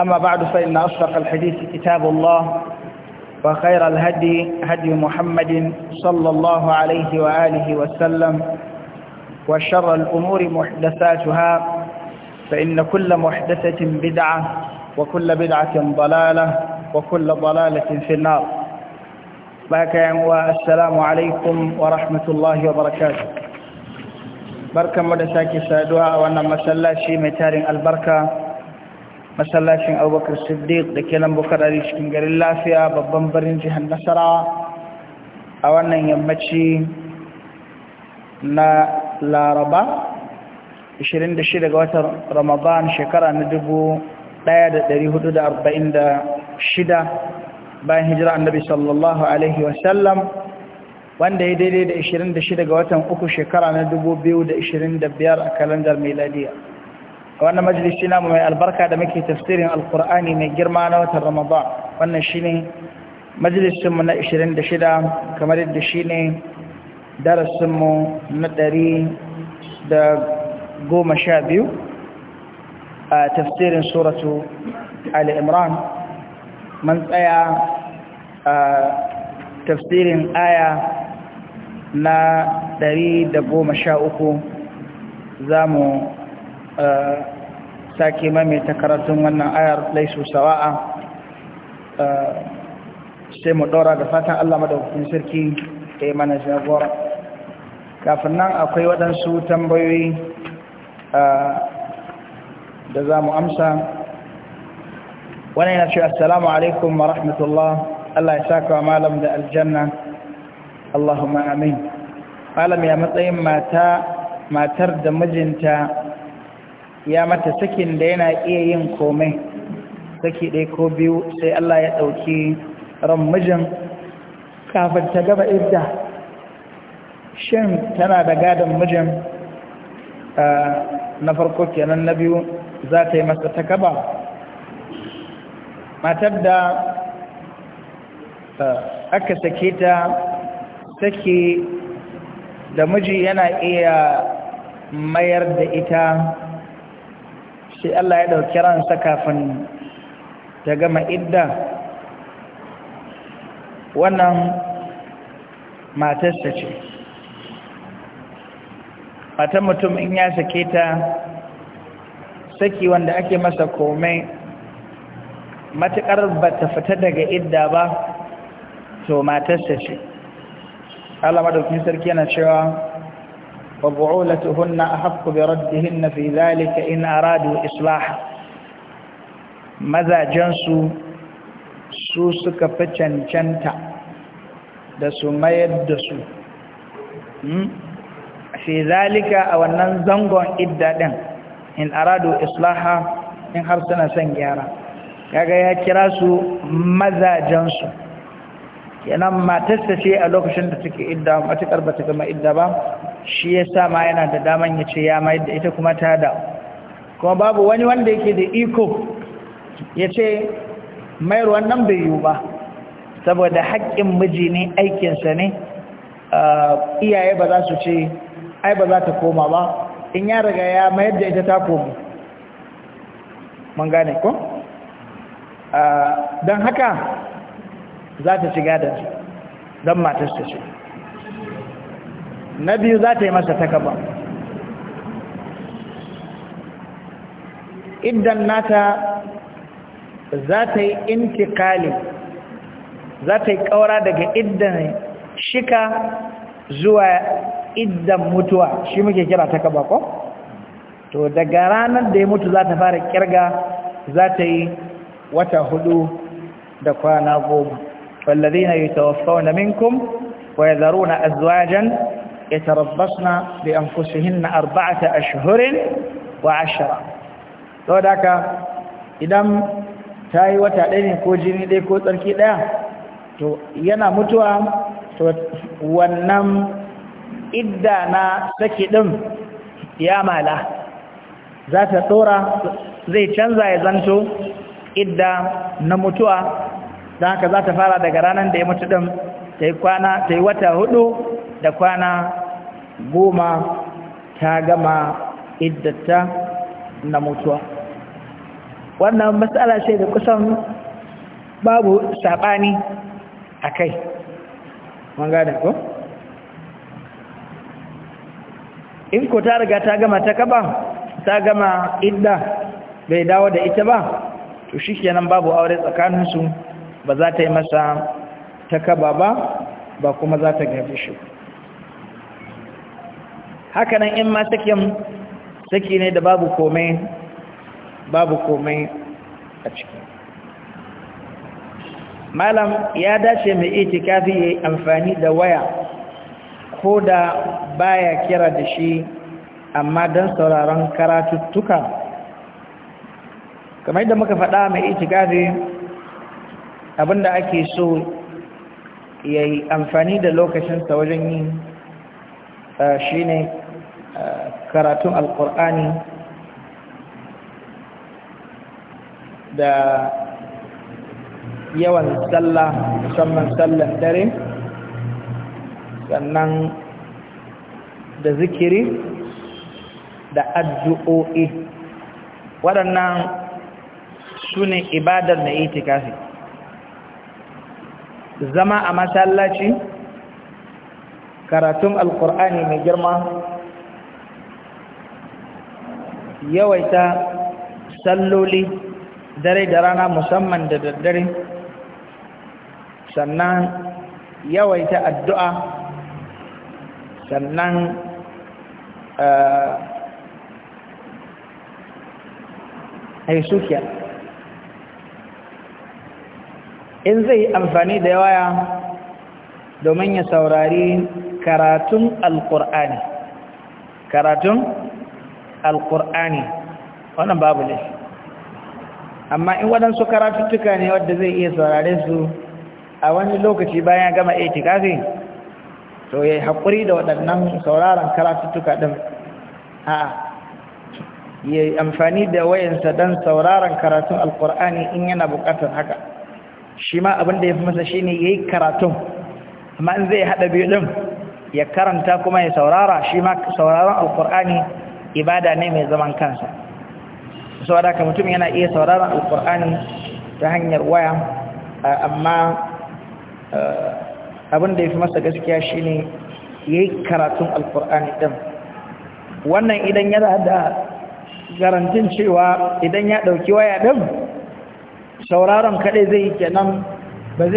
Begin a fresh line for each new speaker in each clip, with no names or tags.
أما بعد فإن أصدق الحديث كتاب الله وخير الهدي هدي محمد صلى الله عليه وآله وسلم وشر الأمور محدثاتها فإن كل محدثة بدعة وكل بدعة ضلالة وكل ضلالة في النار باكا والسلام عليكم ورحمة الله وبركاته بركة مدساكي سادوها وانا شي متارين البركة masallacin abubakar siddiq da ke nan bukadari cikin garin lafiya babban birnin jihar nasara a wannan yammaci na laraba 26 ga watan ramadan shekara na 1446 bayan hijira annabi sallallahu alaihi wasallam wanda ya daidai da 26 ga watan uku shekara na 2025 a kalandar meladiya wannan majalisi namu mai albarka da muke tafsirin alkur'ani mai girma na watan ramadan wannan shine majalisinmu na 26 kamar yadda shine darasinmu na 112 a tafsirin suratu al'imran man tsaya a tafsirin aya na 113 za mu sake ta karatun wannan ayar laisu sawa'a sai mu ɗaura da fatan Allah hukun sarki ta yi mana jagora kafin nan akwai waɗansu tambayoyi da za mu amsa wani yana ce assalamu alaikum wa rahmatullah Allah ya saka wa malam da aljanna Allahumma amin malam ya matsayin mata matar da mijinta ya mata sakin da yana iya yin komai saki ɗai ko biyu sai Allah ya ɗauki ran mijin kafin ta gaba idda shin tana da gadon mijin ah, na farko kenan na biyu za ta yi masa ta gaba matar da ah, aka sake ta sake da miji yana iya mayar da ita sai Allah ya ɗauki ransa kafin ta gama idda wannan matarsa ce matan mutum in ya sake ta saki wanda ake masa komai matuƙar ba ta fita daga idda ba to matarsa ce Allah madaukin sarki yana cewa وبعولتهن أحق بردهن في ذلك إن أرادوا إصلاحا ماذا جنسوا سوسك فتشنشنتا دسو ما يدسو في ذلك أو أنن زنغون إدادا إن أرادوا إصلاحا إن حرسنا سنجارا kaga ya kira su mazajensu kenan matarsa ce a lokacin da take idda matukar ba ta gama idda ba shi ya sa ma yana da daman ya ce ya mayar da ita kuma ta da kuma babu wani wanda yake da iko ya ce mayar nan bai yiwu ba saboda haƙƙin miji ne aikinsa ne iyaye ba za su ce ai ba za ta koma ba in ya riga ya mayar da ita ta komo mun ko don haka za ta shiga da don matarsa ce na biyu za ta yi masa takaba idan nata za ta yi intikali za ta yi kaura daga idan shika zuwa idan mutuwa shi muke kira takaba ko? to daga ranar da ya mutu za ta fara kirga za ta yi wata hudu da kwana goma wallazina yatawaffawna minkum wa yadharuna azwajan يتربصن بأنفسهن أربعة أشهر وعشرة لو إذا تاي وتعليني كو جيني دي كو تركي دا تو ينا متوى تو ونم إدانا سكي دم يا مالا ذات طورة زي چنزا يزنتو إدى نمتوا ذاك ذات فارة دقرانا دي متدم تاي كوانا تاي هدو da kwana goma ta gama iddata na mutuwa wannan matsala sai da kusan babu saɓani a kai man gada ko? in ko ta riga ta gama ta kaba ta gama idda bai dawo da ita ba to shi kenan babu aure tsakaninsu ba za ta yi masa ta kaba ba ba kuma za ta gaji shi Hakanan, nan in ma sakin saki ne da babu komai babu komai a ciki malam ya dace mai itikafi yayi amfani da waya ko da baya kira da shi amma don sauraron karatuttuka kamar da muka faɗa mai itikafi abinda ake so yayi amfani da lokacinsa wajen yin ne karatun alkur'ani da yawan sallah musamman sallan dare sannan da zikiri da addu'o'i waɗannan su ne ibadar na itikafi zama a masallaci karatun alkur'ani mai girma yawaita salloli dare da rana musamman da daddare sannan yawaita addu'a sannan haisukiya eh, in zai amfani da waya domin ya saurari karatun alkur'ani karatun alkur'ani wannan babu ne amma in waɗansu karatuttuka ne wadda zai iya saurare su a wani lokaci bayan gama itikafi to ya haƙuri da waɗannan sauraron karatuttuka ɗin a ya yi amfani da wayansa don sauraron karatun alkur'ani in yana buƙatar haka shi ma abinda ya fi masa shi ne ya yi karatun amma in zai haɗa biyu ɗin ya karanta kuma ya saurara shi ma sauraron alkur'ani ibada ne mai zaman kansa saboda ka mutum yana iya sauraron alkur'ani ta hanyar waya amma abin da ya fi masa gaskiya shi ne ya yi karatun alkur'ani ɗin wannan idan yana da garantin cewa idan ya ɗauki waya ɗin sauraron kaɗai zai yi kenan ba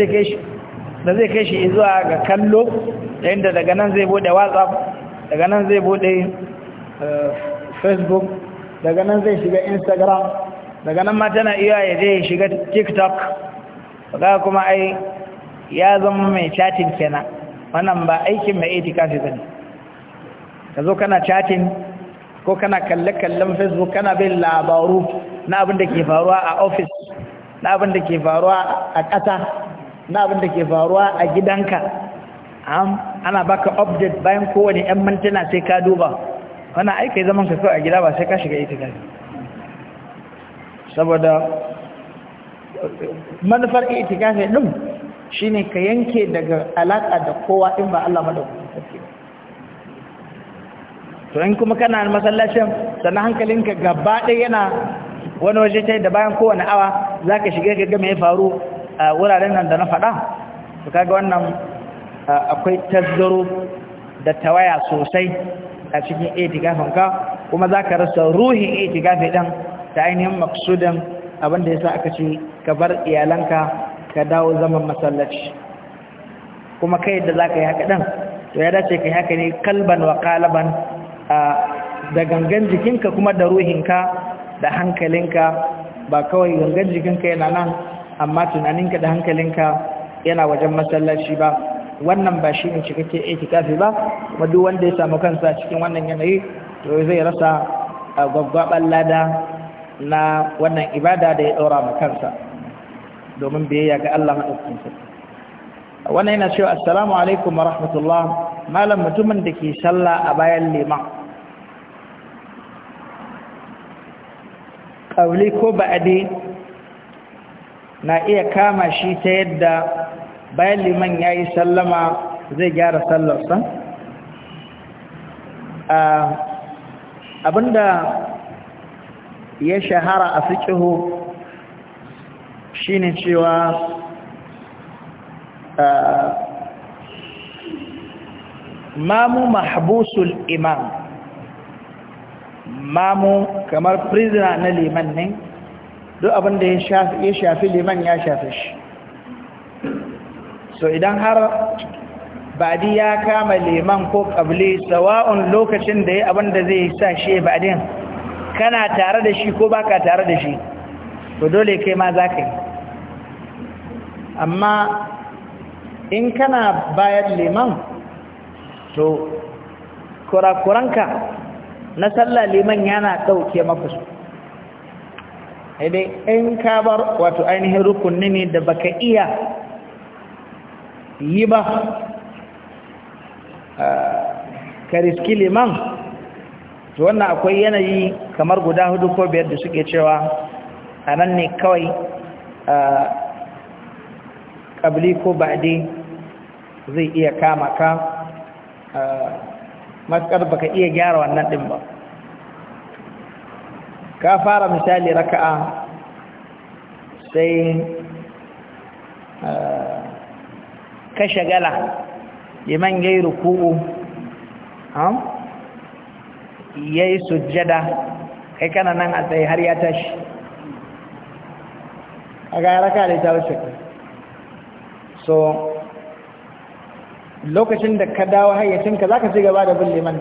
zai kai shi zuwa ga kallo inda daga nan zai bude whatsapp daga nan zai bude eh, facebook daga nan zai shiga instagram daga nan ma tana iya ya je ya shiga tiktok daga kuma ai ya zama mai chatin kenan wannan ba aikin mai fi zai ka zo kana chatin ko kana kalle-kallen facebook kana bin labaru na abin da ke faruwa a office na abin da ke faruwa a ƙasa na abin da ke faruwa a gidanka ana baka update bayan kowane 'yan mantana sai ka duba wani aika yi zaman kasuwa a gida ba sai ka shiga ita gani saboda manufar ɗin din shine ka yanke daga alaƙa da kowa in ba Allah madaukakin sarki to in kuma kana masallacin sannan hankalinka gaba ɗaya yana wani waje ta da bayan kowane awa za ka shiga ka gama ya faru a wuraren nan da na faɗa to kaga wannan akwai tazzaro da tawaya sosai a cikin itikafin ka kuma za ka rasa ruhin itikafi ɗan ta ainihin maksudan abinda ya sa aka ce ka bar iyalanka ka dawo zaman masallaci kuma kai da za ka yi haka ɗan to ya dace ka yi haka ne kalban wa kalaban da gangan jikinka kuma da ruhinka da hankalinka ba kawai gangan jikinka yana nan amma tunaninka da hankalinka yana wajen masallaci ba wannan ba shi ne cikakke itikafi ba kuma duk wanda ya samu kansa cikin wannan yanayi to zai rasa gwaggwaban lada na wannan ibada da ya ɗaura ma kansa domin biyayya ga Allah maɗaukakin sarki wannan yana cewa assalamu alaikum wa rahmatullah malam mutumin da ke sallah a bayan lema ƙauli ko ba'adi na iya kama shi ta yadda bayan liman ya yi sallama zai gyara sallarsa abinda ya shahara a fikihu shine cewa mamu mahbusul imam mamu kamar prisoner na liman ne duk abinda ya shafi liman ya shafi shi so idan har badi ya kama liman ko kabli sawa'un lokacin da ya abinda zai sa shi badin kana tare da shi ko baka tare da shi to dole kai ma za yi amma in kana bayan liman to kurakuranka na sallah liman yana ɗauke maka su dai in ka bar wato ainihin rukunni ne da baka iya yi ba ah, ka riski liman to wannan akwai yanayi kamar guda hudu ko biyar da suke cewa a nan ne kawai ƙabli ah, ko baɗi zai iya kama ka ah, matsar baka iya gyara wannan ɗin ba ka fara misali raka'a sai ka shagala ya yayi ruku'u yayi sujjada kai kana nan a tsaye har ya tashi a ga raka da ta wuce so lokacin da ka dawo hayyacinka za ka ci gaba da bin liman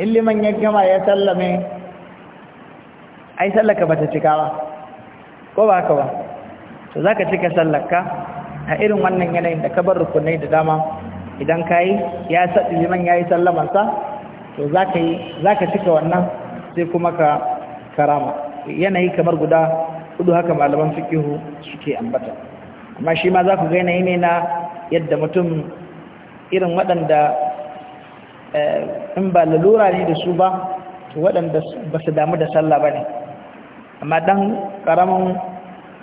in liman ya gama ya sallame ai sallaka ba ta cika ba ko ba ka ba to za ka cika sallaka a irin wannan yanayin da ka bar rukunai da dama idan ka yi ya saɗi liman ya yi sallamansa to za ka cika wannan sai kuma ka karama yanayi kamar guda hudu haka malaman fikihu suke ambata amma shi ma za ku gaina yi ne na yadda mutum irin waɗanda eh, in ba lalura ne da su ba to waɗanda ba su damu da sallah ba ne amma ɗan ƙaramin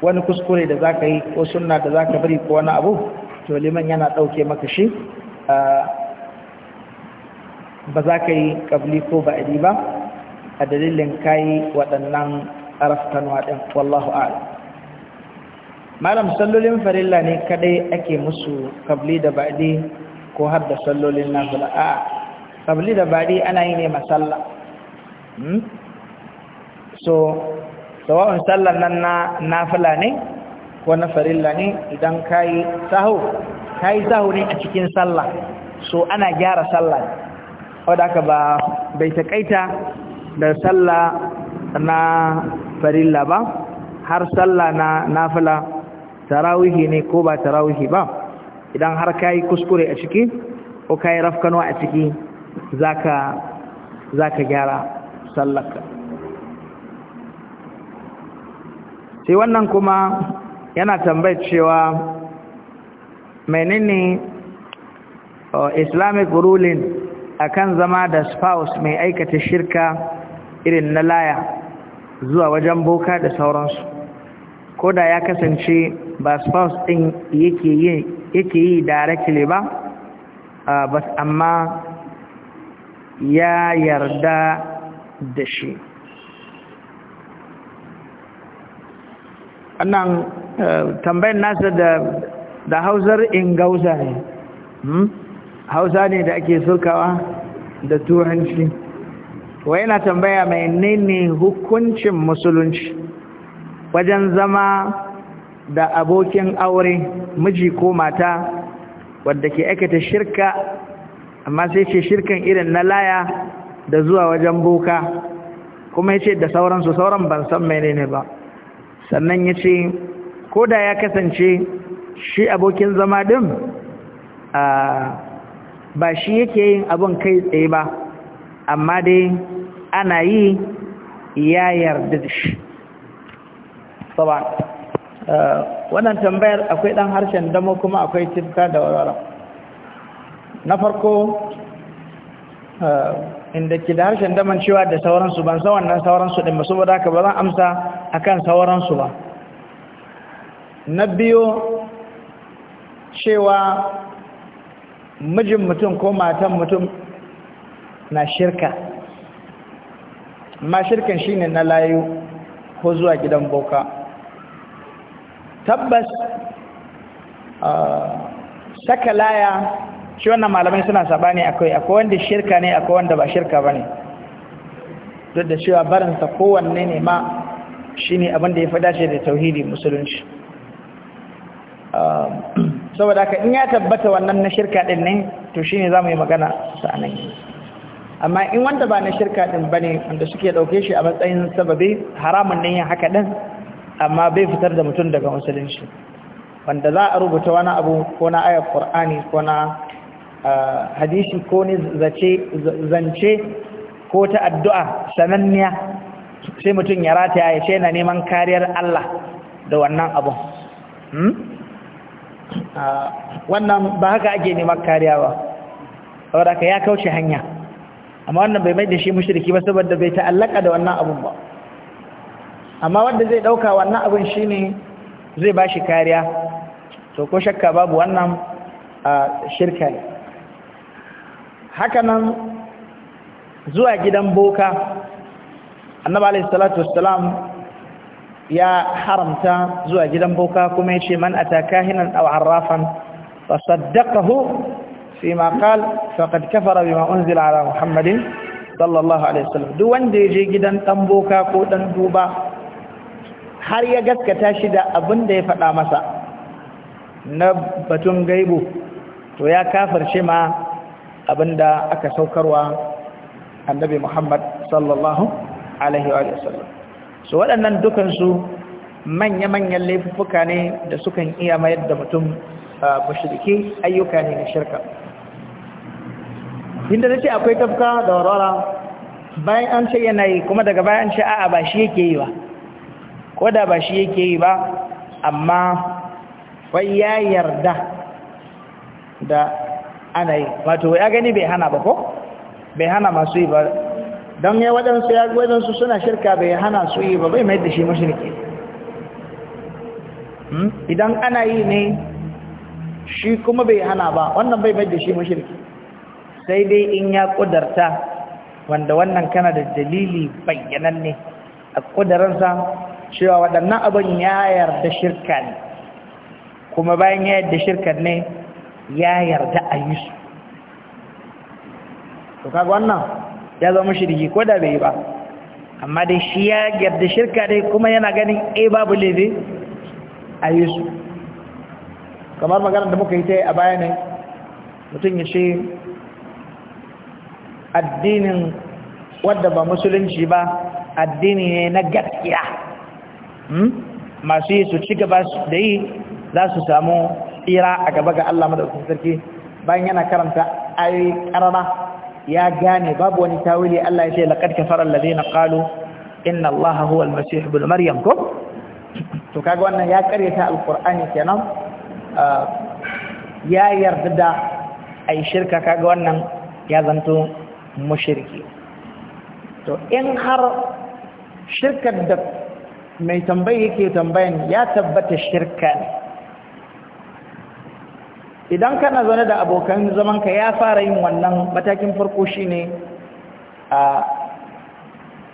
wani kuskure da za ka yi ko sunna da za ka bari ko wani abu to liman yana ɗauke maka shi ba za ka yi ƙabli ko ba'adi ba a dalilin kayi waɗannan araftanwa waɗin wallahu ala malam sallolin farilla ne kaɗai ake musu ƙabli da ba'adi ko har da sallolin nafila a ƙabli da baɗi ana yi ne masalla hmm? so sawa'un sallar nan na nafila ne ko na farilla ne idan kayi sahu kayi sahu ne a cikin sallah so ana gyara sallah wadda aka ba bai taƙaita da sallah na farilla ba har sallah na nafila tarawihi ne ko ba tarawihi ba idan har kayi kuskure a ciki ko kayi rafkanwa a ciki zaka zaka gyara sallarka sai wannan kuma yana tambayar cewa menene islamic ruling akan zama da spouse mai aikata shirka irin na laya zuwa wajen boka da sauransu ko da ya kasance ba spouse din yake yi directly ba amma ya yarda da shi annan eh, tambayar nasa da da hausar ingausa ne hmm? hausa ne da ake sokawa da turanci wa yana tambaya mai nene hukuncin musulunci wajen zama da abokin aure miji ko mata wadda ke aikata shirka amma sai ce shirkan irin na laya da zuwa wajen boka kuma ya ce da sauransu sauran ban san menene ba sannan ya ce ko da ya kasance shi abokin zama ɗin ba shi yake yin abin kai tsaye ba amma dai ana yi ya yarda da shi wannan tambayar akwai ɗan harshen damo kuma akwai tirka da warwara na farko inda ke da harshen daman cewa da sauransu ban san wannan sauransu ɗin ba saboda haka ba zan amsa a kan sauransu ba na biyo cewa mijin mutum ko matan mutum na shirka ma shirkan shine na layu ko zuwa gidan boka tabbas ah, saka laya shi wannan malamai suna sabani akwai akwai wanda shirka ne akwai wanda ba shirka bane duk da cewa barinsa kowanne ne ma shine abin da ya fi dace da tauhidi musulunci um, saboda haka in ya tabbata wannan na shirka din ne to shine mu yi magana sa'anan amma in wanda ba na shirka din bane wanda suke dauke shi a matsayin sababi haramun ne yin haka din amma bai fitar da mutum daga musulunci wanda za a rubuta wani abu ko na ayar qur'ani ko na hadisi ko ne zance ko ta addu'a sananniya sai mutum ya rata ya ce na neman kariyar Allah da wannan abu hmm? wannan ba haka ake neman kariya ba saboda ka ya kauce hanya amma wannan bai mai da shi mushriki ba saboda bai ta'allaka da wannan abun ba amma wanda zai dauka wannan abun shine zai bashi kariya to ko shakka babu wannan shirka ne hakanan zuwa gidan boka annaba alaihi salatu wassalam ya haramta zuwa gidan boka kuma yace man ataka hinan aw arrafan fasaddaqahu fima qal faqad kafara bima unzila ala muhammadin sallallahu alaihi wasallam duk wanda yaje gidan dan boka ko dan duba har ya gaskata shi da abin da ya faɗa masa na batun gaibu to ya kafarce ma abinda aka saukarwa annabi Muhammad sallallahu alaihi wa sallam so waɗannan dukansu manya-manyan laifuka ne da sukan iya mayar da mutum mushriki ayyuka ne na shirka inda ce akwai tafka da warwara bayan an ce yana yi kuma daga bayan ce a'a ba shi yake yi ba ko ba shi yake yi ba amma wai ya yarda da ana yi wato ya gani bai hana ba ko bai hana masu yi ba don ya waɗansu ya waɗansu suna shirka bai hana su yi ba bai mai da shi mashirki hmm? idan ana yi ne shi kuma bai hana ba wannan bai mai da shi mashirki sai dai in ya ƙudarta wanda wannan kana da dalili bayyananne a ƙudaransa cewa waɗannan abin ya yarda shirka ne kuma bayan ya yarda shirka ne ya yarda a yi su to kaga wannan ya zama shirki ko da bai yi ba amma dai shi ya yarda shirka dai kuma yana ganin A eh, babu lebe a yi su kamar maganar da muka yi ta yi a baya ne mutum ya ce addinin wadda ba musulunci ba addini ne na gaskiya hmm? masu yi su ci gaba da yi za su samu tsira a gaba ga Allah madaukakin sarki bayan yana karanta ayoyi karara ya gane babu wani tawili Allah ya ce laqad kafara alladhina qalu inna Allah huwa al-masih ibn maryam ko to kaga wannan ya karyata alqur'ani kenan ah, ya yarda da ai shirka kaga wannan ya zanto mushriki to
in har
shirkar da mai tambayi yake tambayan ya tabbata shirka idan kana zaune da abokan zamanka ya fara yin wannan matakin farko shi ne a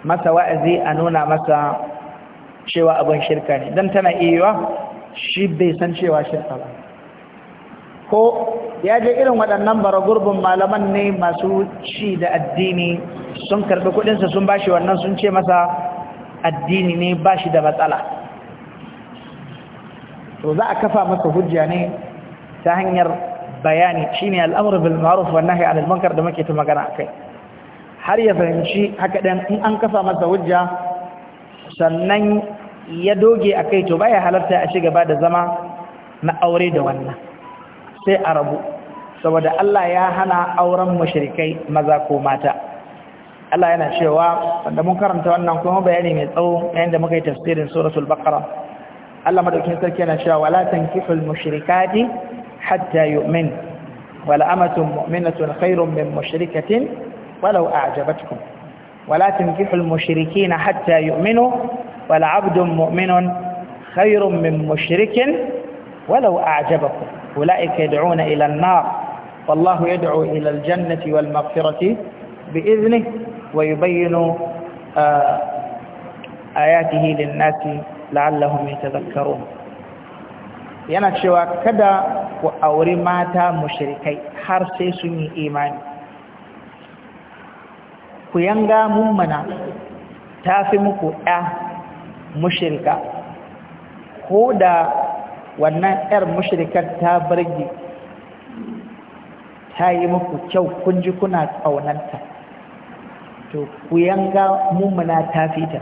masa wa'azi a nuna masa cewa abin shirka ne don tana iya shi bai san cewa shirka ba ko ya je irin waɗannan baragurbin malaman ne masu ci da addini sun karɓi kuɗinsa sun bashi wannan sun ce masa addini ne bashi da matsala to za a kafa masa hujja ne ta hanyar bayani shine al'amru bil ma'ruf wan nahyi 'anil munkar da muke ta magana kai. har ya fahimci haka dan in an kafa masa hujja sannan ya doge a kai to baya halarta a shiga da zama na aure da wannan sai a rabu saboda Allah ya hana auren mushrikai maza ko mata Allah yana cewa wanda mun karanta wannan kuma bayani mai tsawo yayin da muka yi tafsirin suratul baqara Allah madaukakin sarki yana cewa wala tankihul mushrikati حتى يؤمن ولأمة مؤمنة خير من مشركة ولو أعجبتكم ولا تنكحوا المشركين حتى يؤمنوا ولعبد مؤمن خير من مشرك ولو أعجبكم أولئك يدعون إلى النار والله يدعو إلى الجنة والمغفرة بإذنه ويبين آه، آياته للناس لعلهم يتذكرون yana كذا ku auri mata mushrikai har sai sun yi imani ku yanga mummuna ta fi muku ya mushrika ko da wannan yar mushrikar ta barge, ta yi muku kyau kun ji kuna tsaunanta. to ku yanga mummuna ta fita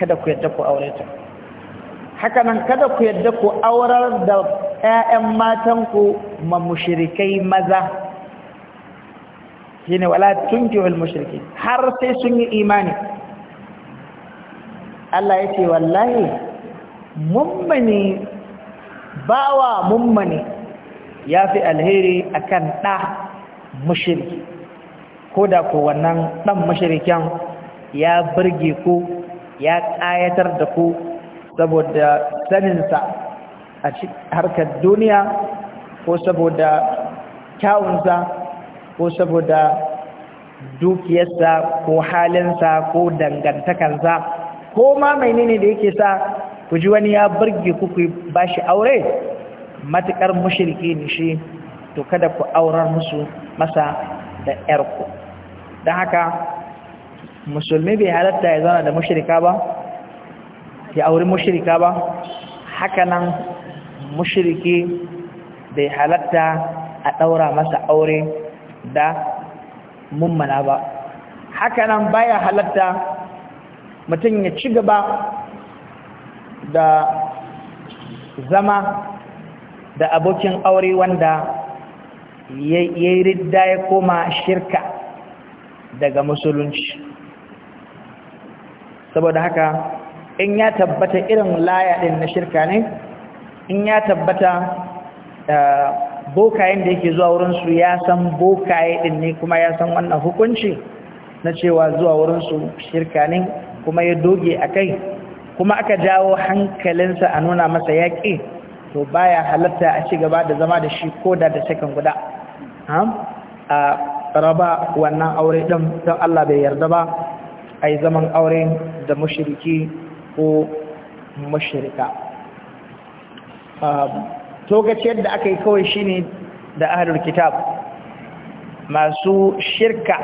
kada ku yadda ku aure ta haka nan kada ku yadda ku aurar da 'ya'yan matanku ma mushrikai maza shine wala tunkihul mushrikin har sai sun yi imani Allah ya ce wallahi mummani bawa mummani ya fi alheri akan ɗa mushirki ko da ku wannan ɗan mushirikin ya birge ku ya ƙayatar da ku saboda saninsa a harkar duniya ko saboda kyawunsa ko saboda dukiyarsa ko halinsa ko dangantakansa ko ma mai nini da yake sa ku ji wani ya burge ku ku ba shi aure matuƙar mushirki ne shi to kada ku aurar musu masa da ƴarku don haka musulmi bai halatta ya zauna da mushirka ba ya auri mushrika ba hakanan mushriki bai halatta a ɗaura masa aure da mummana ba hakanan baya halatta mutum ya ci gaba da zama da abokin aure wanda ya yi ridda ya koma shirka daga musulunci saboda haka in ya tabbata irin laya din na shirka ne in ya tabbata eh, bokayen da yake zuwa wurinsu ya san bokaye din ne kuma ya san wannan hukunci na cewa zuwa wurinsu shirka ne kuma ya doge a kai kuma aka jawo hankalinsa a nuna masa yaƙi to baya halatta a ci gaba da zama da shi ko da da sakan guda a raba wannan aure ɗin don Allah bai yarda ba a yi zaman aure da mashiriki ko mashirka um, togaci yadda aka yi kawai shi ne da ahlul kitab masu shirka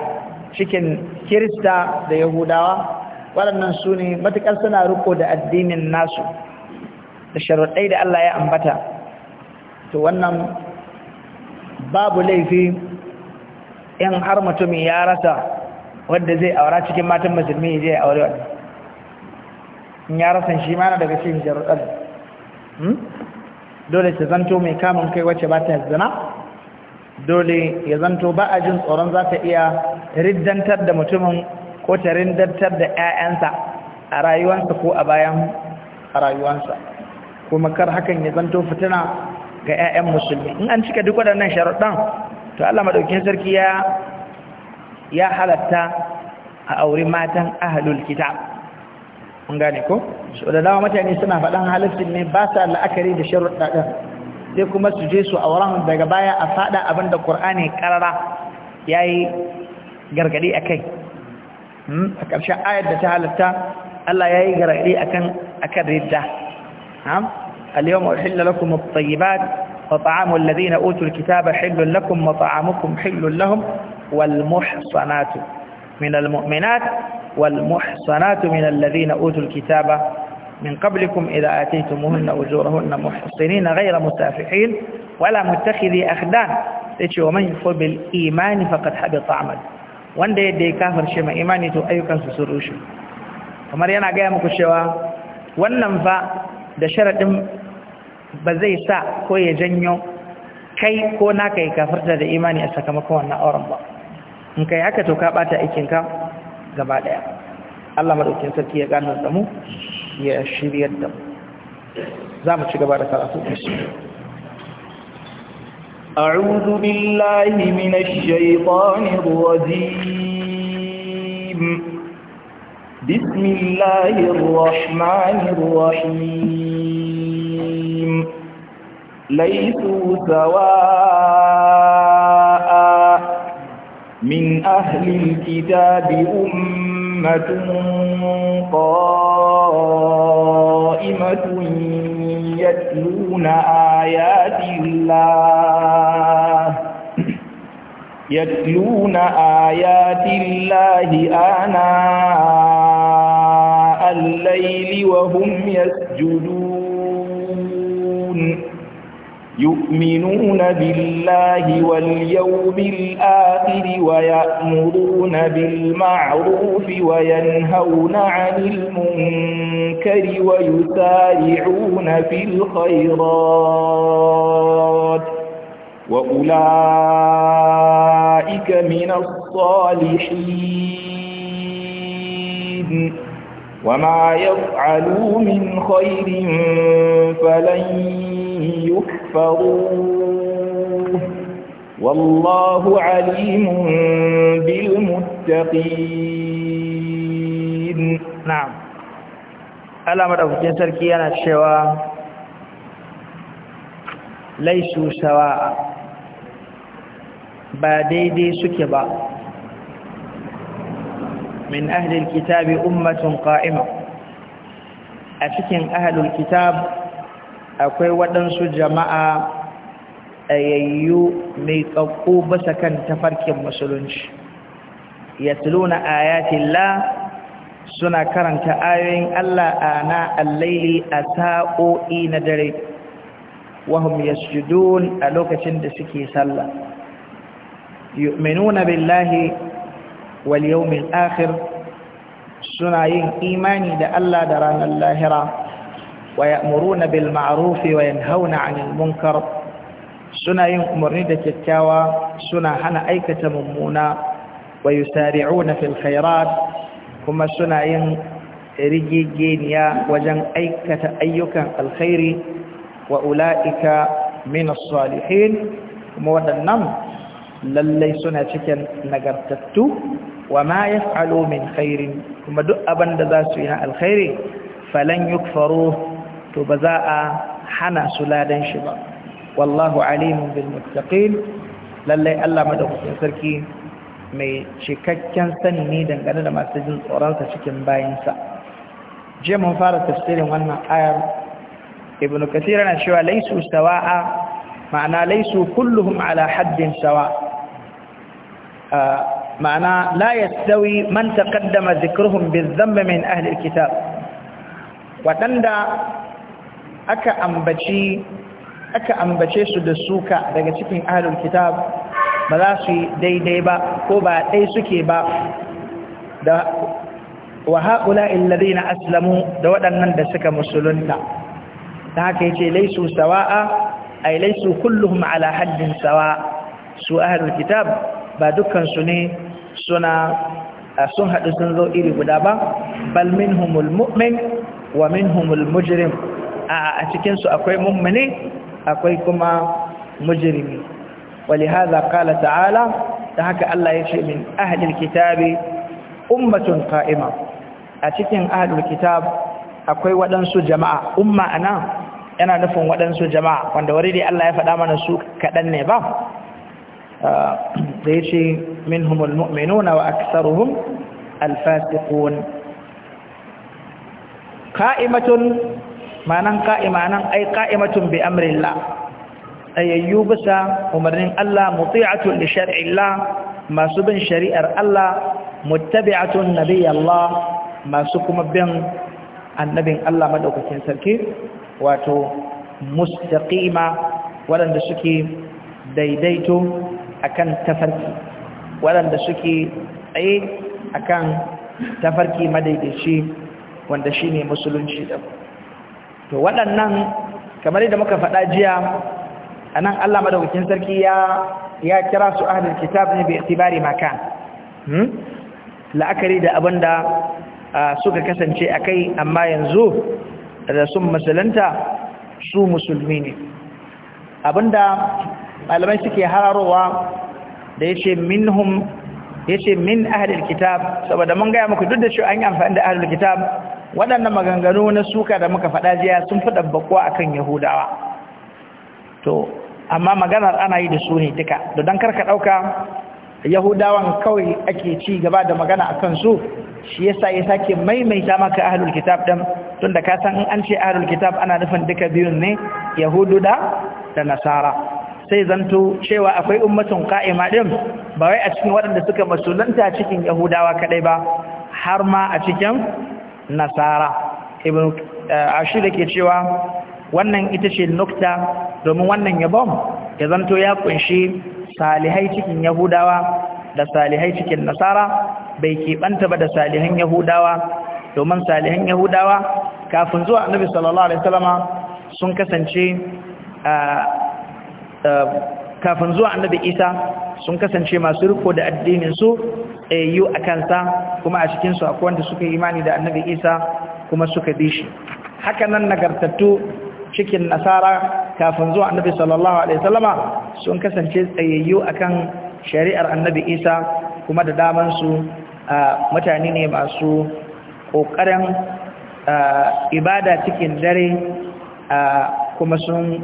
cikin kirista da yahudawa waɗannan su ne matuƙar suna riko da addinin nasu da sharaɗai da Allah ya ambata to wannan babu laifi in har mutumin ya rasa wanda zai aura cikin matan musulmi zai aure wadda. in ya rasa shi ma na daga cikin jarɗar hmm? dole ta zanto mai kamun kai wacce ba ta zina dole ya zanto ba a jin tsoron za ta iya riddantar da mutumin ko ta riddantar da 'ya'yansa a rayuwansa ko a bayan rayuwansa kuma kar hakan ya zanto fitina ga 'ya'yan musulmi in an cika duk waɗannan sharuɗan to Allah maɗaukin sarki ya ya halatta a auri matan ahlul kitab mun gane ko so da dawa mutane suna faɗan halittin ne ba sa la'akari da sharuɗa ɗin sai kuma su je su auren daga baya a faɗa abin da ƙur'ani ƙarara ya yi gargaɗi a kai a ƙarshen ayar da ta halitta Allah ya yi gargaɗi a kan ridda اليوم أحل لكم الطيبات وطعام الذين أوتوا الكتاب حل لكم وطعامكم حل لهم والمحصنات من المؤمنات والمحصنات من الذين أوتوا الكتاب من قبلكم إذا آتيتموهن أجورهن محصنين غير مسافحين ولا متخذي أخدان تيجي ومن يكفر بالإيمان فقد حبط عمل wanda yadda ya kafirce mai imani to ayyukansu sun rushe kamar yana gaya muku cewa wannan fa da sharaɗin ba zai sa ko ya janyo kai ko naka ya kafirta da imani a sakamakon wannan auren ba in kai haka to ka ɓata aikinka gaba daya Allah madaukakin sarki ya gano da mu ya shiryar da mu za mu ci gaba da karatu
أعوذ بالله من الشيطان الرجيم بسم الله الرحمن الرحيم ليسوا من أهل الكتاب أمة قائمة يتلون آيات الله يتلون آيات الله آناء الليل وهم يسجدون يؤمنون بالله واليوم الآخر ويأمرون بالمعروف وينهون عن المنكر ويسارعون في الخيرات وأولئك من الصالحين وما يفعلوا من خير فلن يحفظوه والله عليم بالمتقين
نعم ألا مدفكين سركيانا الشواء laisu sawa'a ba daidai suke ba min ahlil kitabi ummatun qa'ima a cikin ahlul kitab akwai waɗansu jama'a ayayyu mai ƙaƙƙo basa kan tafarkin musulunci yatluna ayatillah suna karanta ayoyin Allah ana na laili a sa'o'i na dare wahum yasjudun a lokacin da suke sallah yu'minuna billahi wal yawmil akhir suna yin imani da Allah da ranar lahira wa وَيَأْمُرُونَ بِالْمَعْرُوفِ وَيَنْهَوْنَ عَنِ الْمُنْكَرِ suna yin umarni da kyakkyawa suna hana aikata mummuna wa yusari'una fil khairat kuma suna yin rigigeniya wajen aikata ayyukan alkhairi wa ula'ika min as-salihin kuma wadannan lallai suna cikin nagartattu wa ma yaf'alu min khairin kuma duk abanda za su yi na alkhairi falan to ba za a hana su ladan shi ba wallahu alimun bil muttaqin lallai Allah madaukakin sarki mai cikakken sani ne dangane da masu jin tsoronsa cikin bayansa je mun fara tafsirin wannan ayar ibn kathir yana cewa laisu sawa'a ma'ana laisu kulluhum ala haddin sawa ma'ana la yastawi man taqaddama dhikruhum bizammi min ahli alkitab wadanda aka ambace su da suka daga cikin ahlul kitab ba za su yi daidai ba ko ba ɗai suke ba da wa haƙula na aslamu da waɗannan da suka musulunta ta haka yace laisu sawa'a ay laisu kulluhum ala haddin sawa su ahlul kitab ba dukkan ne suna sun haɗu sun zo iri guda ba bal minhumul mu'min wa minhumul mujrim a cikinsu akwai mummune akwai kuma mujirimi walihaza haza kala ta'ala da haka Allah ya ce min ahalil kitabi ummatun ka'ima a cikin ahalil kitab akwai waɗansu jama'a umma ana yana nufin waɗansu jama'a wanda wari dai Allah ya faɗa mana su kaɗan ne ba da ya ce min humul mu'minuna wa aksaruhum alfasiqun ka'imatun ma'anan qa'ima nan ai qa'imatun bi amrillah ayyu bisa umarnin Allah muti'atun li shar'illah masu bin shari'ar Allah muttabi'atun nabiyallah masu kuma bin annabin Allah madaukakin sarki wato mustaqima waɗanda suke daidaito akan tafarki waɗanda suke tsaye akan tafarki madaidaici wanda shine musulunci da to waɗannan kamar yadda muka faɗa jiya anan Allah madaukakin sarki ya ya kira su ahlul kitab ne bi itibari makan hmm la'akari da abinda suka kasance akai amma yanzu da sun musulunta su musulmi ne abinda malamai suke hararowa da yace minhum yace min ahlul kitab saboda mun ga muku duk da shi an yi amfani da ahlul kitab waɗannan maganganu na suka da muka faɗa jiya sun fi ɗabbaƙuwa a kan yahudawa to amma maganar ana yi da su ne duka da don karka ɗauka yahudawan kawai ake ci gaba da magana a kansu shi yasa ya sake maimaita maka ahalul kitab ɗin tun da ka san in an ce ahlulkitab kitab ana nufin duka biyun ne yahudu da da nasara sai zanto cewa akwai ummatun ka'ima ɗin ba wai a cikin waɗanda suka masulanta cikin yahudawa kaɗai ba har ma a cikin nasara ibn eh, ashir ke cewa wannan ita ce nukta domin wannan yabon ya zanto ya kunshi salihai cikin yahudawa da salihai cikin nasara bai keɓanta ba da salihan yahudawa domin salihan yahudawa kafin zuwa annabi sallallahu alaihi wasallama sun kasance eh, eh, kafin zuwa annabi isa sun kasance masu riko da addininsu ayyu eh, a kansa kuma a cikinsu akwai wanda suka yi imani da annabi isa kuma suka bi shi haka nan nagartattu cikin nasara kafin zuwa annabi sallallahu alaihi wasallama sun kasance tsayayyu akan shari'ar annabi isa kuma da damansu mutane ne masu ƙoƙarin ibada cikin dare kuma sun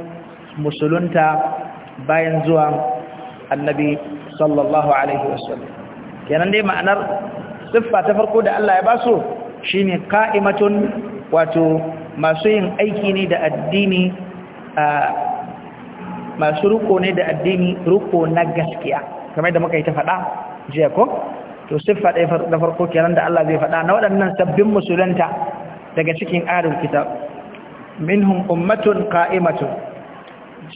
musulunta bayan zuwa annabi sallallahu alaihi wasallam kenan dai ma'anar siffa ta farko da Allah ya ba su shine qa'imatun wato masu yin aiki ne da addini a masu ruko ne da addini ruko na gaskiya kamar da muka yi ta faɗa jiya ko to siffa ɗaya da farko kenan da Allah zai faɗa na waɗannan sabbin musulunta daga cikin arin kitab minhum ummatun qa'imatun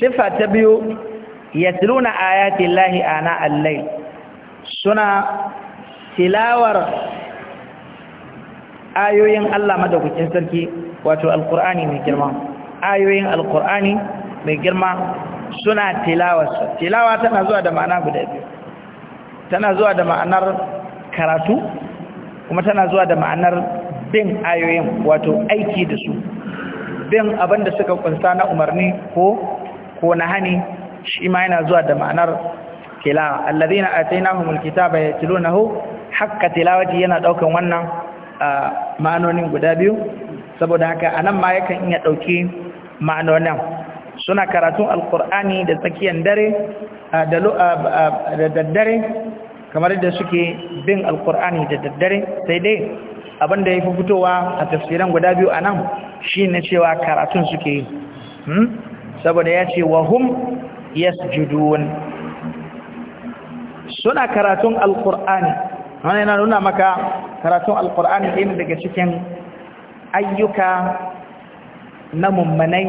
siffa ta biyu yatluna ayati llahi ana al-layl suna tilawar ayoyin Allah madaukakin sarki wato alqur'ani mai girma ayoyin alqur'ani mai girma suna tilawarsa tilawa tana zuwa da ma'ana guda biyu tana zuwa da ma'anar karatu kuma tana zuwa da ma'anar bin ayoyin wato aiki da su bin abin da suka kunsa na umarni ko ko na hani shi ma yana zuwa da ma'anar tilawa alladhina atainahum alkitaba yatlunahu hakka tilawati yana daukan wannan ma'anonin guda biyu saboda haka anan ma yakan iya dauki ma'anonin suna karatun alqur'ani da tsakiyar dare da daddare kamar da suke bin alqur'ani da daddare sai dai abin da ya fitowa a tafsiran guda biyu anan nan shi ne cewa karatun suke yi hmm? saboda yace ce wa hum yasjudun suna karatun alqur'ani wannan yana nuna maka karatun alqur'ani din daga cikin ayyuka na mummanai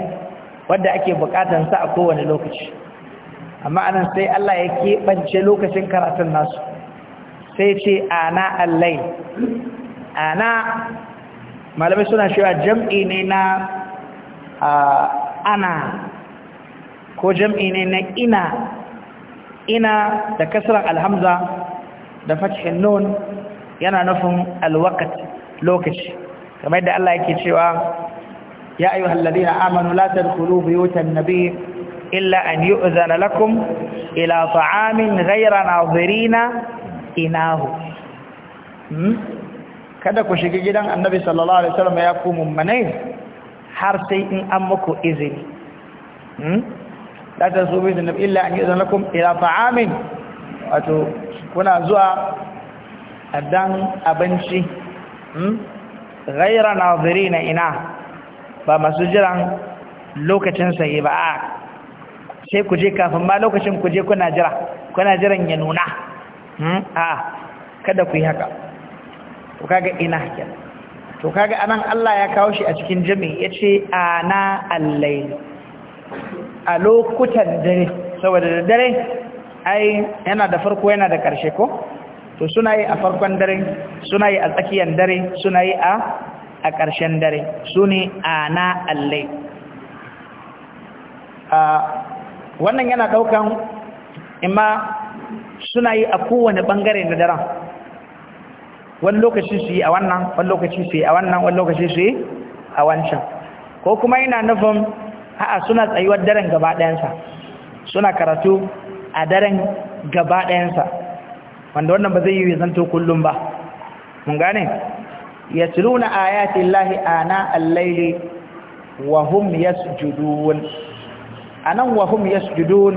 wanda ake bukatan sa a kowane lokaci amma anan sai Allah ya keɓance lokacin karatun nasu sai ce ana allai ana malamai suna shiwa jam'i ne na ana ko jam'i ne na ina ina da kasra alhamza da fathin nun yana nufin alwaqt lokaci kamar yadda Allah yake cewa ya ayyuhal ladina amanu la tadkhulu buyutan nabiy illa an yu'zana lakum ila ta'amin ghayra nadhirina inahu kada ku shiga gidan annabi sallallahu alaihi wasallam ya ku mummane har sai in an muku izini la tansu bi dhanab illa an yuzan lakum ila ta'amin wato kuna zuwa dan abinci hmm ghaira nadirina ina ba masu jiran lokacin sai ba a sai ku je kafin ma lokacin ku je kuna jira kuna jiran ya nuna hmm a kada ku yi haka to kaga ina kenan to kaga anan Allah ya kawo shi a cikin jami'i yace ana al-layl a lokutan dare saboda da dare ai yana da farko yana da ƙarshe ko to suna yi a farkon dare suna yi a tsakiyar dare suna yi a a ƙarshen dare su ne na allai wannan yana ɗaukan imma suna yi a kowane ɓangare na daren wani lokaci su yi a wannan wani lokaci su yi a wannan wani lokaci su yi a wancan ko kuma yana nufin a'a suna tsayuwar daren gaba ɗayansa suna karatu a daren gaba ɗayansa wanda wannan ba zai yi zanto kullum ba mun gane yatluna ayati llahi ana al-layli wa hum yasjudun anan wa hum yasjudun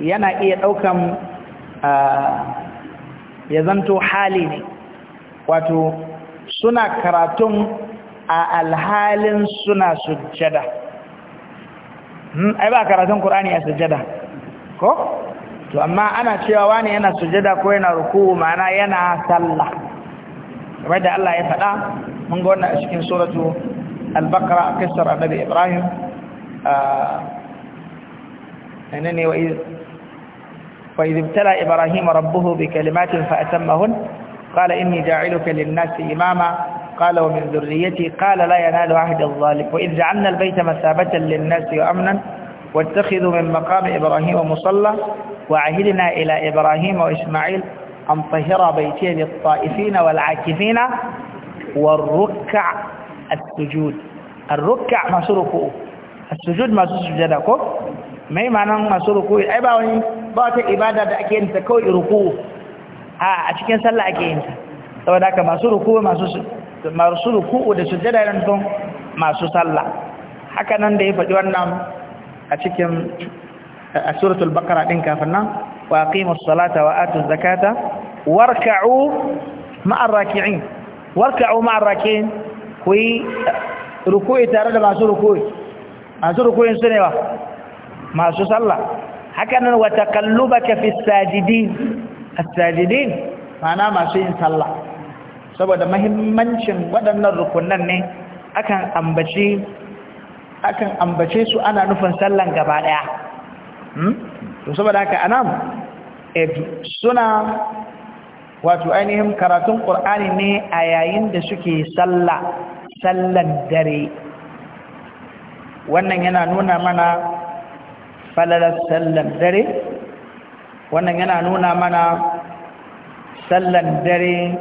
yana iya daukan ya zanto hali ne wato suna karatun a alhalin suna sujjada Hmm, ai ba karatun qur'ani a sujada ko to amma ana cewa wani yana sujada ko yana ruku'u ma'ana yana sallah kamar da Allah ya faɗa mun ga wannan a cikin suratu al-baqara kissar annabi ibrahim أنني وإذ, وإذ ابتلى إبراهيم ربه بكلمات فأتمهن قال إني جاعلك للناس imama? قال ومن ذريتي قال لا ينال عهد الظالم وإذ جعلنا البيت مثابة للناس وأمنا واتخذوا من مقام إبراهيم مصلى وعهدنا إلى إبراهيم وإسماعيل أن طهر بيتي للطائفين والعاكفين والركع السجود الركع ما سرقوا السجود ما سجدكم ما معنى ما rukuyi أي ba wani ba wata ibada da ake yin ta kawai ruku a ما sallah masu ruku'u da sujjada yana nufin masu sallah haka nan da ya faɗi wannan a cikin suratul baqara din kafin nan wa aqimus salata wa atuz zakata warka'u ma'ar raki'in warka'u ma'ar raki'in ku yi ruku'i tare da masu ruku'i masu ruku'i su ne ba masu sallah haka nan wa taqallubaka fis sajidin as-sajidin ma'ana masu yin sallah saboda mahimmancin waɗannan rukunan ne akan ambace su ana nufin sallan gaba ɗaya hmm? to saboda haka anan suna wato ainihin karatun ƙur'ani ne a yayin da suke sallah sallan dare wannan yana nuna mana falalar sallan dare wannan yana nuna mana sallan dare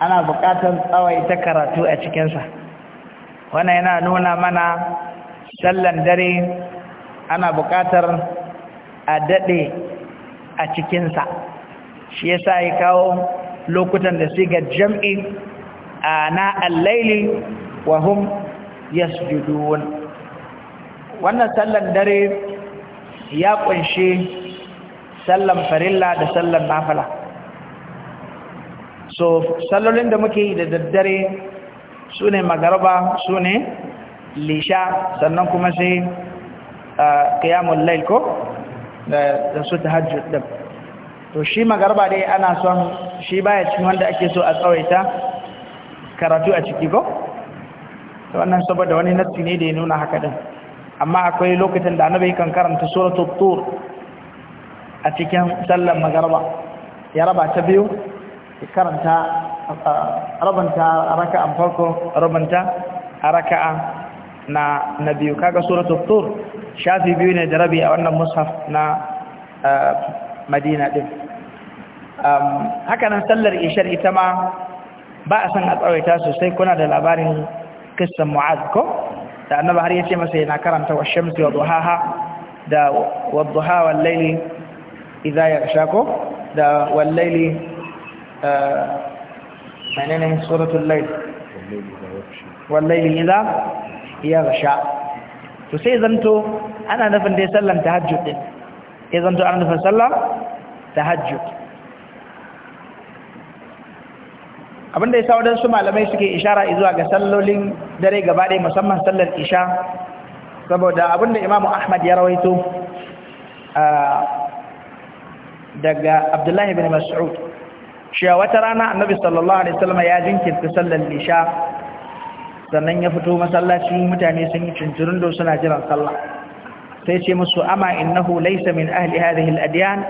ana buƙatar tsawaita karatu a cikinsa wannan yana nuna mana sallan dare ana buƙatar a daɗe a cikinsa shi ya sa ya kawo lokutan da siga jam'i na allaili wa hum yasjudun wannan sallan dare ya ƙunshi sallan farilla da sallan nafala so sallolin da muke yi da daddare su ne magaraba su ne lisha sannan kuma sai kiyamun lail da su hajji ɗin to shi magaraba dai ana son shi baya cikin wanda ake so a tsawaita karatu a ciki ko to wannan saboda wani nassi ne da ya nuna haka din amma akwai lokacin da anabai kan karanta suratul tur a cikin sallar magaraba ya raba ta biyu karanta rabanta raka'an farko rabanta raka'a na na biyu kaga suratul tur shafi biyu ne da rabi a wannan mushaf na Madina din haka nan sallar ishar ita ma ba a san a tsawaita sosai kuna da labarin kissan mu'az ko da annaba har yace masa yana karanta wa shamsi wa duhaha da wa duha wal layli idha da wal menene suratul layl wallahi idza yaghsha to sai zanto ana nufin dai sallan tahajjud din sai zanto ana nufin sallan tahajjud abinda yasa wadansu malamai suke ishara zuwa ga sallolin dare gaba ɗaya musamman sallar isha saboda abinda imamu ahmad ya rawaito daga abdullahi bin mas'ud cewa wata rana annabi sallallahu alaihi wasallam ya jinkirta sallar isha sannan ya fito masallaci mutane sun yi cincirindo suna jiran sallah sai ce musu ama innahu laysa min ahli hadhihi al-adyan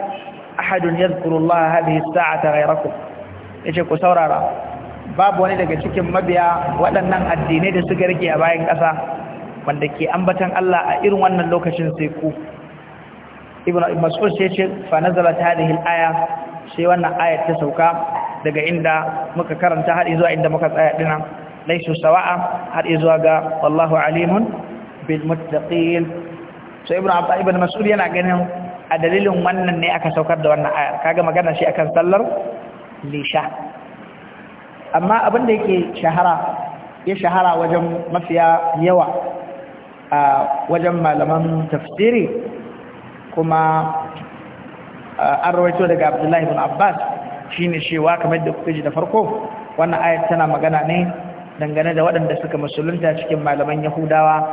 ahadun yadhkuru Allah hadhihi as-sa'ata ghayrakum yace ku saurara babu wani daga cikin mabiya waɗannan addinai da suka rike a bayan ƙasa wanda ke ambatan Allah a irin wannan lokacin sai ku ibnu mas'ud sai ce fa nazalat hadhihi al-aya sai wannan ayat ta sauka daga inda muka karanta har zuwa inda muka tsaya dina laisu sawa'a har zuwa ga wallahu alimun bil muttaqin so ibnu abba ibn mas'ud yana ganin a dalilin wannan ne aka saukar da wannan ayar kaga magana shi akan sallar lisha amma abin da yake shahara ya shahara wajen mafiya yawa a wajen malaman tafsiri kuma an rawaito daga abdullahi bin abbas shine cewa kamar da kuke ji da farko wannan ayat tana magana ne dangane da waɗanda suka musulunta cikin malaman yahudawa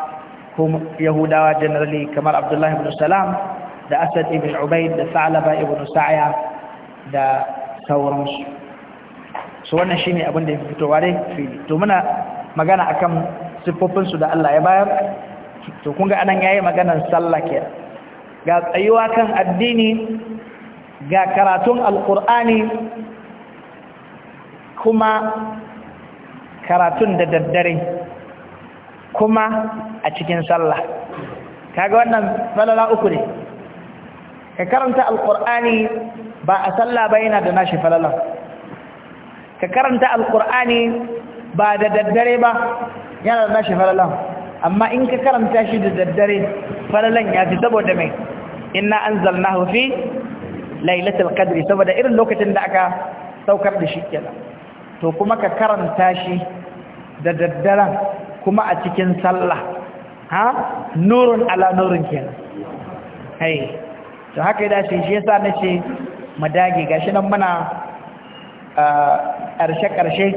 ko yahudawa generally kamar abdullahi bin salam da asad ibn ubayd da sa'laba ibn sa'ya da sauransu so wannan shine abin da ya fitowa dai fili to muna magana akan siffofinsu da Allah ya bayar to kun ga anan yayi maganar sallah ke ga tsayuwa kan addini ga karatun alkur'ani kuma karatun da daddare kuma a cikin sallah kaga wannan falala uku ne ka karanta alkur'ani ba a sallah ba yana da nashi falala ka karanta alkur'ani ba da daddare ba yana da nashi falala amma in ka karanta shi da daddare falalan ya fi saboda mai anzal na hufi lailatul qadri saboda irin lokacin da aka saukar da shi kenan to kuma ka karanta shi da daddaren kuma a cikin sallah ha nurun ala nurun kenan hey to haka da shi shi yasa nace madage gashi nan muna karshe ƙarshe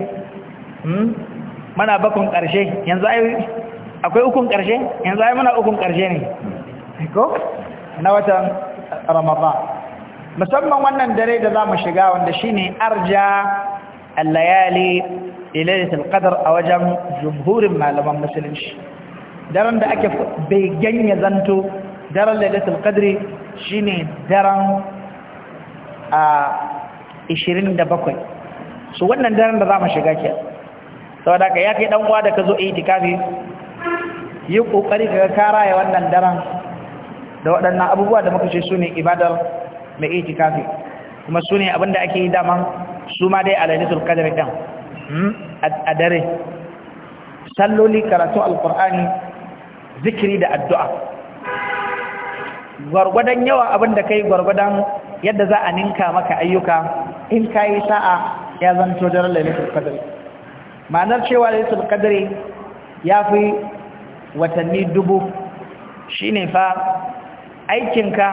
mana hmm? bakon karshe yanzu ai akwai ukun karshe yanzu ai muna ukun karshe ne ko na watan ramadan musamman wannan dare da za mu shiga wanda shine arja al-layali lailatul a wajen jumhurin malaman musulunci daren da ake bai ganye zanto daren lailatul qadri shine daren a 27 so wannan daren da za mu shiga ke da ka ya kai ɗan uwa da ka zo itikafi yi kokari ka ya wannan daren da waɗannan abubuwa da muka ce su ne ibadar mai itikafi kuma su ne abinda ake yi dama su ma dai alailatul kadari dan hmm, a dare salloli karatu alqur'ani zikiri da addu'a gwargwadon yawa abinda kai gwargwadon yadda za a ninka maka ayyuka in ka yi sa'a ya zanto daren lailatul kadari ma'anar cewa lailatul kadari ya fi watanni dubu shine fa aikinka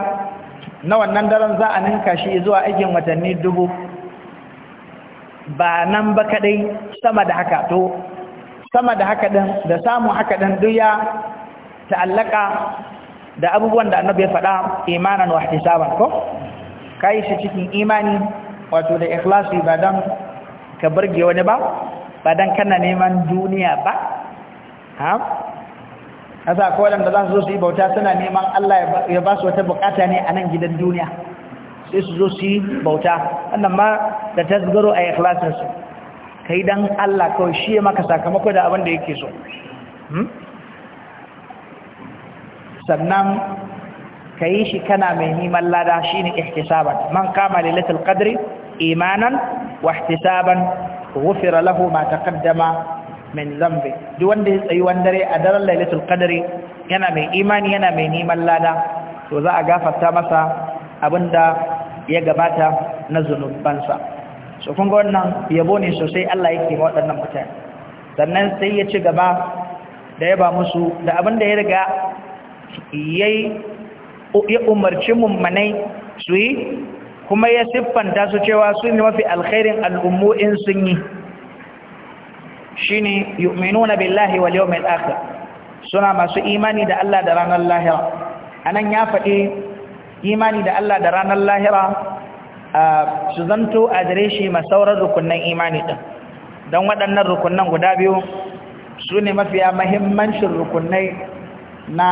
na wannan daren za a ninka shi zuwa aikin watanni dubu ba nan ba kadai sama da haka to sama da haka din da samun haka din duya ta'allaka da abubuwan da annabi ya faɗa imanan wa ihtisaban ko kai shi cikin imani wato da ikhlasi ba dan ka burge wani ba ba dan kana neman duniya ba ha kasa akwai waɗanda za su zo su yi bauta suna neman Allah ya ba su wata bukata ne a nan gidan duniya sai su zo su yi bauta wannan ma da ta tasgaro a ikhlasinsu kai dan Allah kawai shi ya maka sakamako da abin da yake so hmm? sannan ka yi shi kana mai neman lada shi ne ihtisaban man kama lilatul qadri imanan wa ihtisaban ghufira lahu ma taqaddama min zambi duk wanda ya tsayi wani dare a daren lailatul qadari yana mai imani yana mai neman lada to za a gafarta masa abinda ya gabata na zunubansa so kun ga wannan yabo ne sosai Allah yake ma waɗannan mutane sannan sai ya ci gaba da yaba musu da abinda ya riga yayi ya umarci mummanai su yi kuma ya siffanta su cewa su ne mafi alkhairin al'ummu in sun yi shine yu'minuna billahi wal yawmil akhir suna masu imani da Allah da ranar lahira anan ya faɗi imani da Allah da ranar lahira su zanto a gare shi masauran rukunnan imani din don waɗannan rukunnan guda biyu su ne mafiya mahimmancin rukunnai na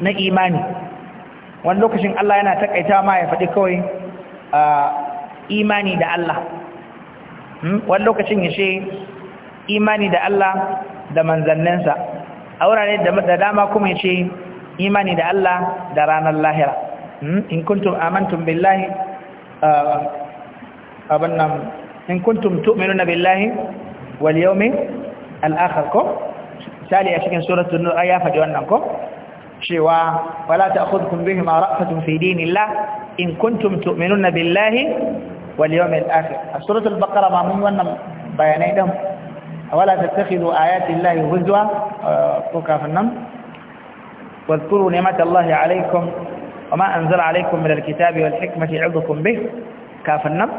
na imani wani lokacin Allah yana takaita ma ya faɗi kawai imani da Allah Hmm? wani lokacin ya ce imani da Allah da manzanninsa a wurare da dama kuma ya ce imani da Allah da ranar lahira hmm? in kuntum amantum billahi uh, abin nan in kuntum tu'minuna billahi wal yawmi al akhir ko sali a cikin suratul nur ya faɗi wannan ko cewa wala ta'khudhukum bihima ra'fatun fi dinillah in kuntum tu'minuna billahi واليوم الآخر سورة البقرة ما من ونم mun wannan bayanai din wala tattakhidhu ayati واذكروا نعمة الله عليكم وما أنزل عليكم من الكتاب والحكمة يعظكم به كاف النم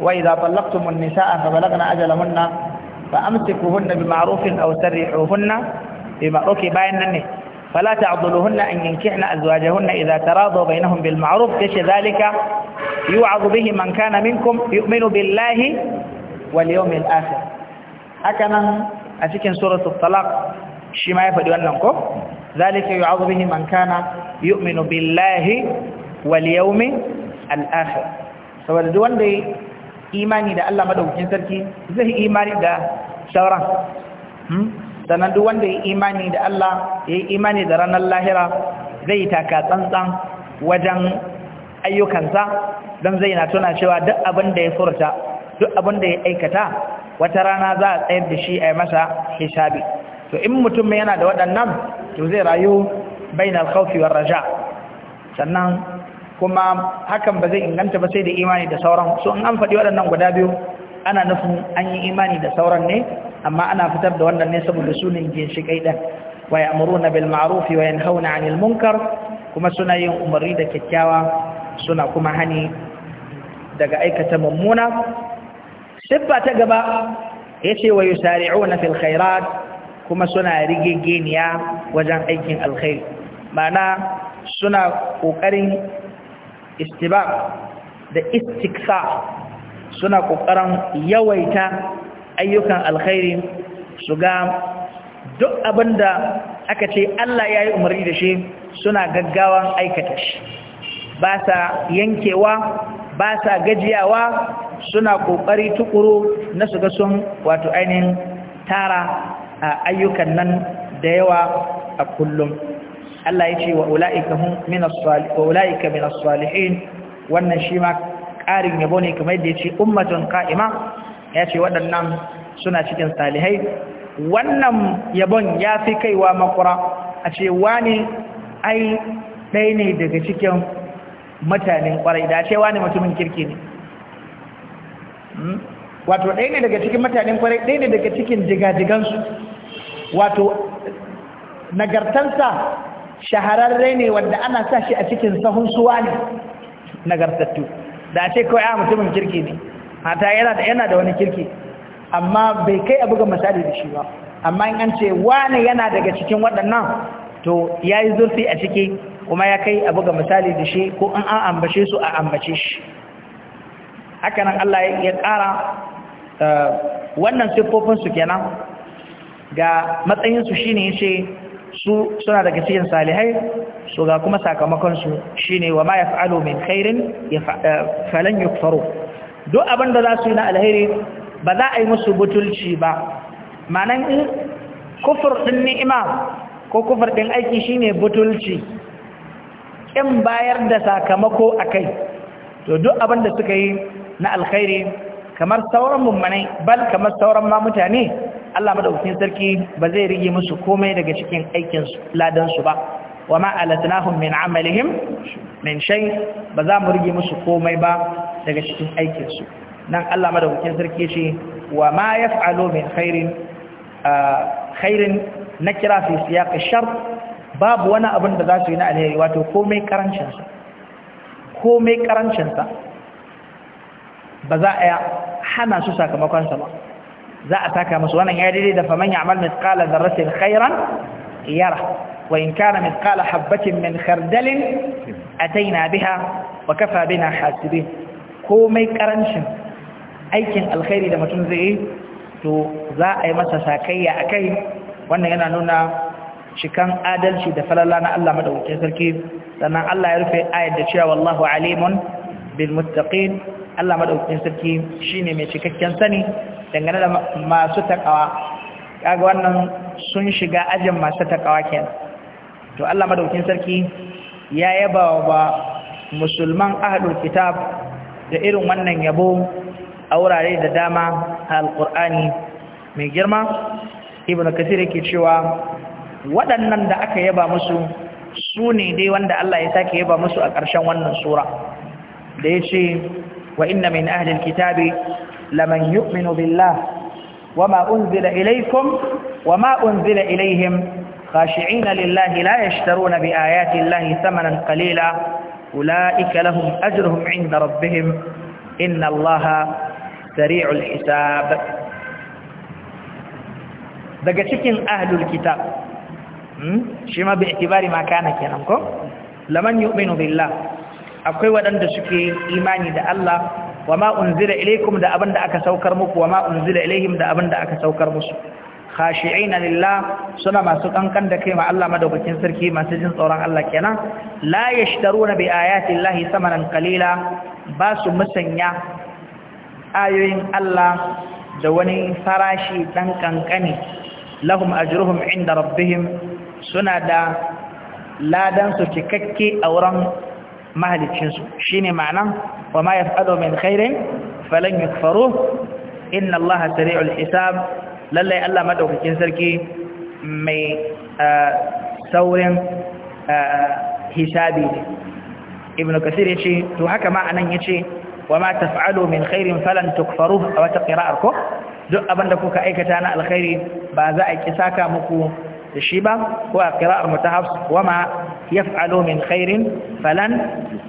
وإذا طلقتم النساء فبلغنا أجلهن فأمسكوهن بمعروف أو سرحوهن بمعروف باين فلا تعضلوهن أن ينكحن أزواجهن إذا تراضوا بينهم بالمعروف كش ذلك يوعظ به من كان منكم يؤمن بالله واليوم الآخر هكذا أتكن سورة الطلاق شما يفدي أنكم ذلك يوعظ به من كان يؤمن بالله واليوم الآخر saboda duk wanda ya imani da Allah madaukakin sarki zai imani da sauran sannan duk wanda ya imani da Allah ya yi imani da ranar lahira zai taka tsantsan wajen ayyukansa don zai na tuna cewa duk abin da ya furta duk abin da ya aikata wata rana za a tsayar da shi a yi masa hisabi to in mutum yana da waɗannan to zai rayu bai na war raja sannan kuma hakan ba zai inganta ba sai da imani da sauran so in an faɗi waɗannan guda biyu ana nufin an yi imani da sauran ne amma ana fitar da wannan ne saboda su ne ginshiƙai ɗin wa ya'muruna bil ma'ruf wa yanhauna 'anil munkar kuma suna yin umarni da kyakkyawa suna kuma hani daga aikata mummuna siffa ta gaba ce wa yusari'una fil khairat kuma suna rigegeniya wajen aikin alkhairi mana suna kokarin istibab da istiksa suna kokarin yawaita ayyukan alkhairi su ga duk abinda aka ce Allah ya yi umarni da shi suna gaggawan aikata shi ba sa yankewa ba sa gajiyawa suna ƙoƙari tukuru na su ga sun wato ainihin tara a ayyukan nan da yawa a kullum Allah ya ce wa ula'ika min as-salihin wannan shi ma ƙarin yabo ne kamar yadda ya ce ummatun qa'ima ya ce waɗannan suna cikin salihai wannan yabon ya fi kaiwa makura a ce wani ai ɗaya ne daga cikin mutanen ƙwarai da ce wani mutumin kirki ne hmm? wato ɗaya ne daga cikin mutanen ƙwarai ɗaya ne daga cikin jigajigansu wato nagartansa shahararre ne wanda ana sa shi a cikin sahun suwa ne nagartattu da ce kawai a ah, mutumin kirki ne hata yana da wani kirki amma bai kai a buga misali da shi ba amma in an ce wani yana daga cikin waɗannan to ya yi zurfi a ciki kuma ya kai a buga misali da shi ko in an ambace su a ambace shi haka nan Allah ya ƙara eh, wannan su kenan ga matsayinsu shi ne ce su suna daga cikin salihai su ga kuma sakamakonsu shi ne wa ma ya fa'alo min khairin eh, falan yi duk abin da za su yi na alheri ba za a yi musu butulci ba manan in kufur ɗin ni'ima ko kufur ɗin aiki shine butulci in bayar da sakamako akai to duk abin da suka yi na alkhairi kamar sauran mummanai bal kamar sauran ma mutane Allah madaukakin sarki ba zai rige musu komai daga cikin aikin ladansu ba wa ma alatnahum min amalihim min shay ba za mu rige musu komai ba daga cikin aikinsu. nan Allah madaukakin sarki ce wa ma yaf'alu min khairin khairin nakira fi siyaq ash-shart babu wani abin da za su yi na alheri wato komai karancinsa. sa komai karancin ba za a hana su sakamakonsa sa ba za a taka musu wannan ya daidai da faman ya'mal mithqala dharratin khairan yara وإن كان مثقال حبة من خردل أتينا بها وكفى بنا حاسبين كومي كرنشن aikin alkhairi da mutum zai yi to za a yi masa sakayya a kai wannan yana nuna cikan adalci da falala na Allah madaukakin sarki sannan Allah ya rufe ayar da cewa wallahu alimun bil muttaqin Allah madaukakin sarki shine mai cikakken sani dangane da masu takawa kaga wannan sun shiga ajin masu takawa kenan to Allah madaukin sarki ya yaba wa musulman ahlul kitab da irin wannan yabo a wurare da dama a Alƙur'ani mai girma ibn kasir yake cewa waɗannan da aka yaba musu su ne dai wanda Allah ya sake yaba musu a ƙarshen wannan sura da ya ce wa inna min ahlil kitabi laman yu'minu billah wama unzila ilaykum wama unzila ilayhim خاشعين لله لا يشترون بآيات الله ثمنا قليلا أولئك لهم أجرهم عند ربهم إن الله سريع الحساب daga cikin ahlul kitab shi ma kana kenan ko laman yu'minu billah akwai waɗanda suke imani da Allah wa ma unzila ilaykum da abinda aka saukar muku wa ma unzila ilayhim da aka saukar musu khashi'ina lillah suna masu kankan da kai ma Allah madaukakin sarki masu jin tsoron Allah kenan la yashtaruna bi ayati llahi samanan qalila ba su musanya ayoyin Allah da wani farashi dan kankani lahum ajruhum inda rabbihim suna da ladan su cikakke a wurin mahalicin su shine ma'anan wa ma yaf'alu min khairin falan yakfaru inna allaha sari'ul hisab lallai Allah madaukakin sarki mai saurin hisabi ne ibn kasir yace to haka ma anan yace wa ma taf'alu min khairin falan a aw taqra'ar ku duk abinda kuka aikata na alkhairi ba za a kisaka muku da shi ba ko a qira'ar mutahaf wa ma yaf'alu min khairin falan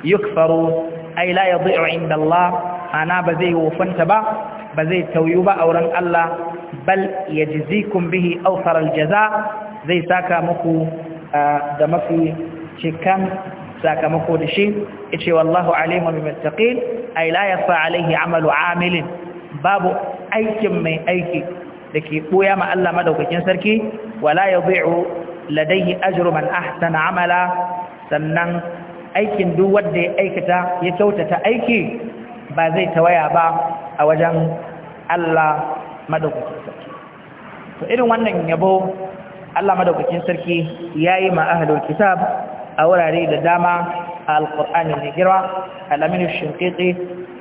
yukfaru ay la yadhi'u inda Allah ana ba zai wufanta ba ba zai tauyu ba auren Allah bal yajzikum bihi awfar aljaza zai saka muku uh, da mafi cikan sakamako da shi yace wallahu alimun bil muttaqin ay la yafa alayhi amalu amilin babu aikin mai aiki dake boya ma Allah madaukakin sarki wala yadhi'u ladayhi ajru man ahsana amala sannan aikin duk wanda ya aikata ya kyautata aiki ba zai tawaya ba a wajen Allah madaukakin sarki to irin wannan yabo Allah madaukakin sarki yayi ma ahlul kitab a wurare da dama a alqur'ani ne girma alamin shinqiti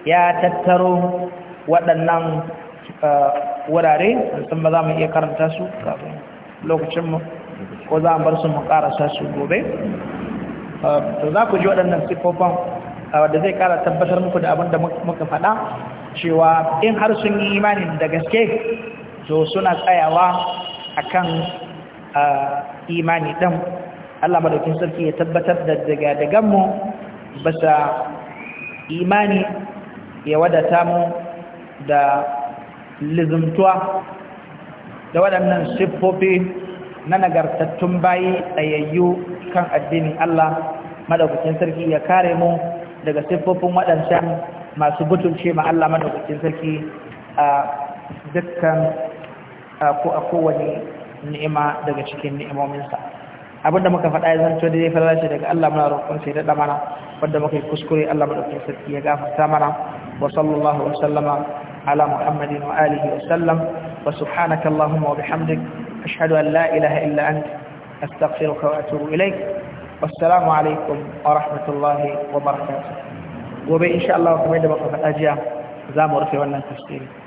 ya tattaro waɗannan uh, wurare sun ba za mu iya karanta su kafin lokacin mu ko za mu bar su mu karasa su gobe uh, to za ku ji waɗannan sifofin da zai kara tabbatar muku da abin da muka faɗa cewa in har sun yi imanin da gaske to suna tsayawa akan imani ɗin Allah madaukin sarki ya tabbatar da daga mu basa imani ya wadata mu da lizimtuwa. da waɗannan siffofi na nagartattun bayi tsayayyu kan addinin Allah madaukakin sarki ya kare mu daga siffofin waɗancan masu butulce ma Allah madaukakin sarki a dukkan ko a kowane ni'ima daga cikin ni'imominsa abinda muka faɗa ya zanto da zai fara daga Allah muna roƙon sai da mana wanda muka yi kuskure Allah madaukakin sarki ya gafata mana wa sallallahu wa sallama ala muhammadin wa alihi wa sallam wa subhanaka allahumma wa bihamdik ashhadu an la ilaha illa anta astaghfiruka wa atubu ilaik والسلام عليكم ورحمة الله وبركاته وبإن شاء الله وكمين دبقى في الأجياء زامر في ولن تشتيري